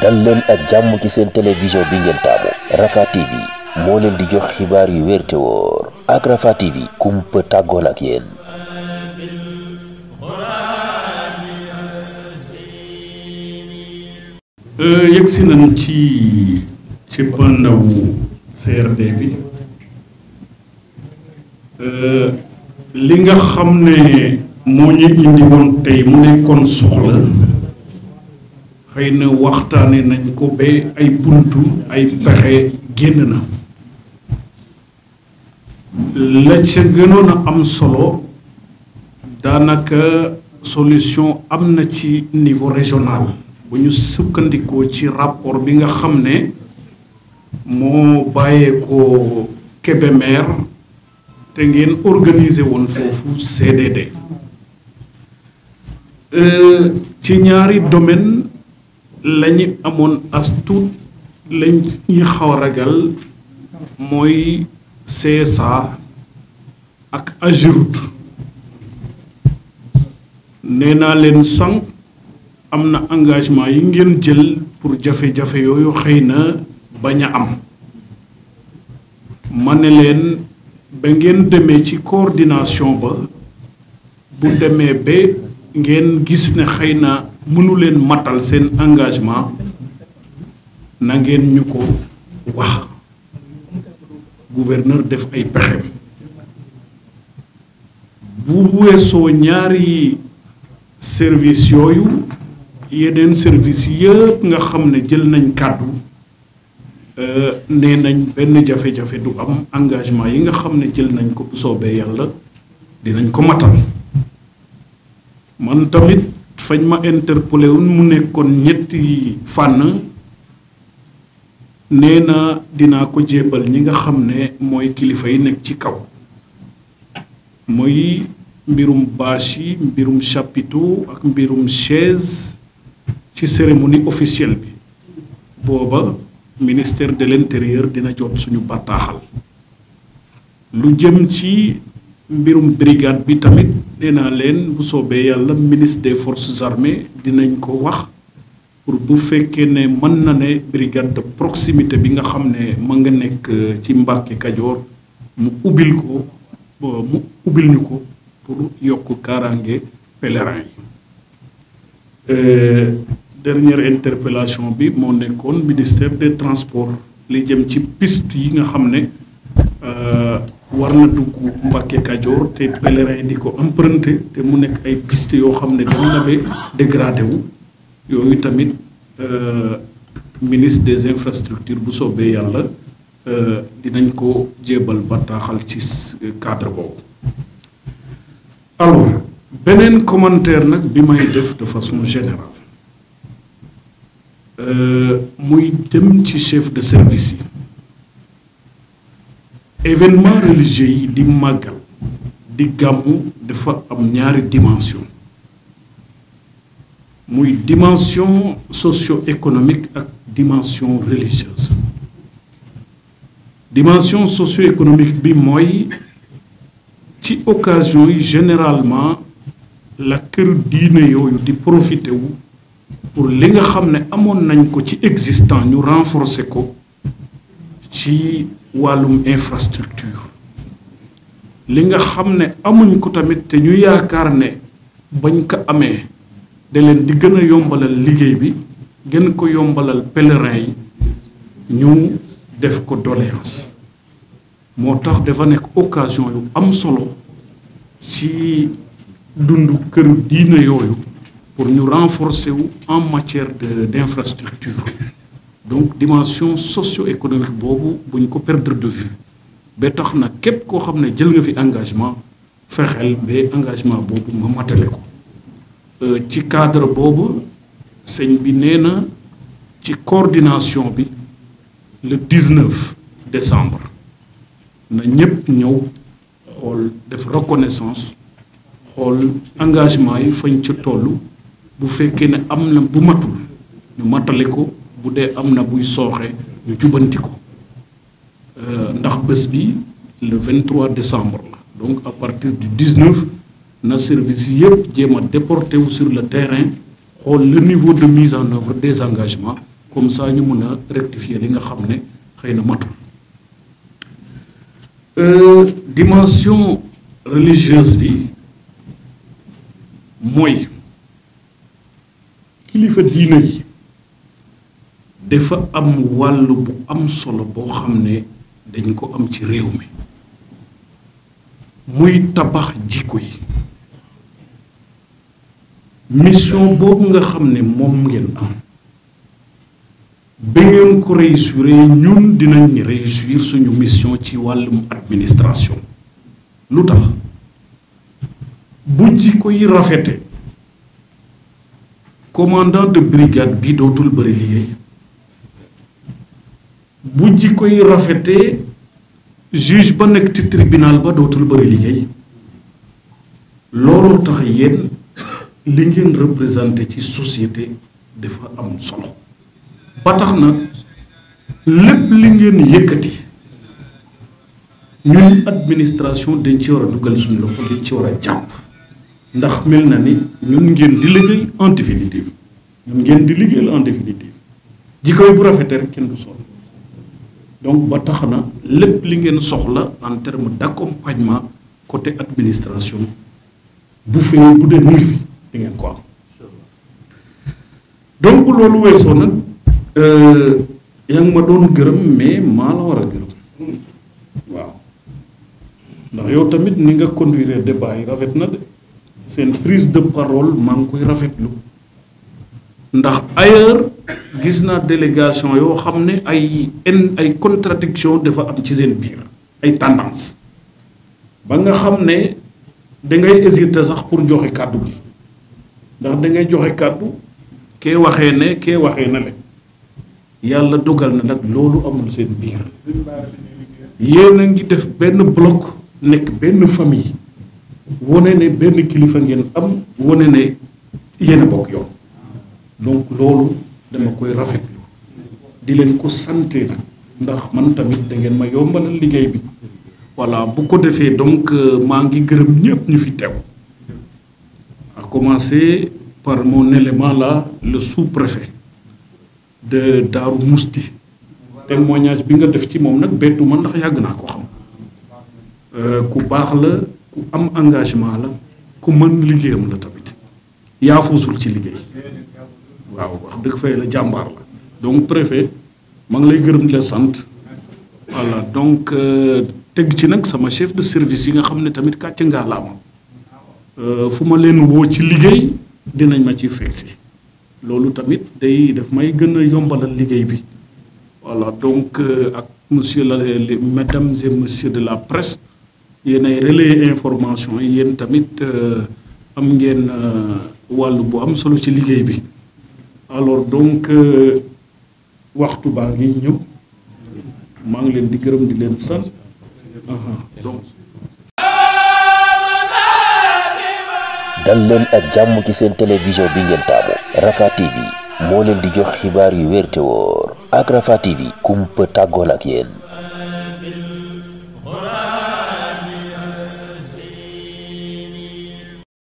dal ak jàmm ci seen télévision bi ngeen taamu Rafah TV moo leen di jox xibaar yu wér te wóor ak Rafah TV kumpa tàggoon ak yéen. Euh, ci ci pandawu CRD bi euh, li nga xam ne moo ñu indi woon tey mu nekkoon soxla. xëy na waxtaane nañ ko ba ay buntu ay pexe génn na la ca gënoon a am solo daanaka solution am na ci niveau régional bu ñu sukkandikoo ci rapport bi nga xam ne moo bàyyeekoo Kébémer te ngeen organiser woon foofu CDD euh, ci ñaari domaine lañu amoon as tuut lañ ñuy xaw ragal mooy CSA ak Ageroute nee naa leen sànq am na engagement yi ngeen jël pour jafe-jafe yooyu xëy na baña am ma ne leen ba ngeen demee ci coordination ba bu demee ba ngeen gis ne xëy na mënu leen matal seen engagement nangeen ñu ko wax gouverneur def ay pexem bu weesoo ñaari service yooyu yeneen service yëpp nga xam ne jël nañ kàddu euh, nee nañ benn jafe-jafe du am engagement yi nga xam ne jël nañ ko bu soobee yàlla dinañ ko matal man tamit fañ ma interpellé mu nekkoon ñetti fànn nee na dinaa ko jébal ñi nga xam ne mooy kilifa yi nekk ci kaw mooy mbirum bâche mbirum chapiteau ak mbirum chaise ci cérémonie officielle bi booba ministère de l'intérieur dina jot suñu bataaxal lu jëm ci mbirum brigade bi tamit nee naa leen bu soobee yàlla ministre des forces armées dinañ ko wax pour bu fekkee ne mën na ne brigade de proximité bi nga xam ne ma nga nekk euh, ci Mbàkke Kajoor mu ubbil ko euh, mu ubbil ñu ko pour yokk kaaraange pèlerin yi euh, dernière interpellation bi moo nekkoon ministère de transport li jëm ci piste yi nga xam ne war na dugg Mbàkke Kajoor te pèlerin di ko emprunté te mu nekk ay piste yoo xam ne dem na ba dégradé yooyu tamit euh, ministre des infrastructures bu soobee yàlla euh, dinañ ko jébal bataaxal ci euh, cadre boobu alors beneen commentaire nag bi may def de façon générale muy dem ci chef de service yi événement religieux yi di màggal di gàmmu dafa am ñaari dimension muy dimension socio-économique ak dimension religieuse dimension socio-économique bi mooy ci occasion yi généralement la kër diine yooyu di profité wu pour li nga xam ne amoon nañ ko ci existant ñu renforcer ko ci wàllum infrastructure li nga xam ne amuñ ko tamit te ñu yaakaar ne bañ ko amee da leen di gën a yombalal liggéey bi gën ko yombalal pèlerin yi ñu def ko doléance moo tax dafa nekk occasion yu am solo ci dundu këru diina yooyu pour ñu renforcer wu en matière de d' infrastructure donc dimension socio-économique boobu bu ñu ko perdre de vue ba tax na képp koo xam ne jël nga fi engagement fexeel ba engagement boobu nga matale ko euh, ci cadre boobu sëñ bi nee na ci coordination bi le 19 décembre na ñëpp ñëw xool def reconnaissance xool engagement yi fañ ca toll bu fekkee ne am na bu matul ñu matale ko bu dee am na buy sooxe ñu jubanti ko euh, ndax bés bi le vingt 23 décembre la donc à partir du 19 na service yëpp jéem a déporté wu sur le terrain xool le niveau de mise en œuvre des engagements comme ça ñu mën a rectifier li nga xam ne xëy na matul euh, dimension religieuse bi mooy kilifa diina yi dafa am wàll bu am solo boo xam ne dañ ko am ci réew mi muy tabax jikko yi mission boobu nga xam ne moom ngeen am ba ngeen ko réussir ñun dinañ réussir suñu mission ci wàllum administration lu tax bu jikko yi rafete commandant de brigade bi dootul bëri liggéey bu jikko yi rafetee juge ba nekk ci tribunal ba dootul bari liggéey looloo tax yéen li ngeen représenté ci société dafa am solo ba tax na lépp li ngeen yëkkati ñun administration dañ ci war a dugal suñu loxo dañ ci war a jàpp ndax mel na ni ñun ngeen di liggéey en définitive ñun ngeen di liggéeyal en définitive jikko yi bu rafetee rek kenn du sol donc ba tax na lépp li ngeen soxla en terme d'accompagnement côté administration bu fee bu dee mu ngi di ngeen ko am donc bu loolu weesoo nag euh, yaa ngi ma doon gërëm mais maa la war a gërëm waaw ndax yow tamit ni nga conduire débat yi rafet na de seen prise de parole maa ngi koy rafetlu ndax ailleurs gis naa délégation yoo xam ne ay ay contradiction dafa am ci seen biir ay tendance ba nga xam ne dangay hésiter sax pour joxe kàddu gi ndax dangay joxe kàddu kee waxee ne kee waxee na le yàlla dogal na nag loolu amul seen biir yéen a ngi def benn bloc nekk benn famille wane ne benn kilifa ngeen am wane ne yenn a bokk yoon donc loolu dama koy rafetlu di leen ko santé nag ndax man tamit da ngeen ma yombalal liggéey bi voilà bu ko defee donc euh, maa ngi gërëm ñëpp ñu fi teew à commencé par mon élément là le sous-préfet de Daaru Musti témoignage bi nga def ci moom nag bettu man ndax yàgg naa ko xam euh, ku baax la ku am engagement la ku mën liggéeyam la tamit yaafuusul ci liggéey waaw wax dëgg fa la jàmbaar la donc préfet ma ngi lay gërëm di la sant voilà donc euh, teg ci nag sama chef de service yi nga xam ne tamit kàcc ngaa laa ma euh, fu ma leen woo ci liggéey dinañ ma ci fekk si loolu tamit day daf may gën a yombalal liggéey bi voilà donc euh, ak monsieur la mesdames et messieurs de la presse yéen ay relais information yi yéen tamit am ngeen wàll bu am solo ci liggéey bi alors donc euh, waxtu baa ngi ñëw maa ngi leen di gërëm leen sant donc dal leen ak jàmm ci seen télévision bi ngeen taamu Rafah TV moo leen di jox xibaar yu wér te wóor ak Rafah TV kumpa tàggoon ak yéen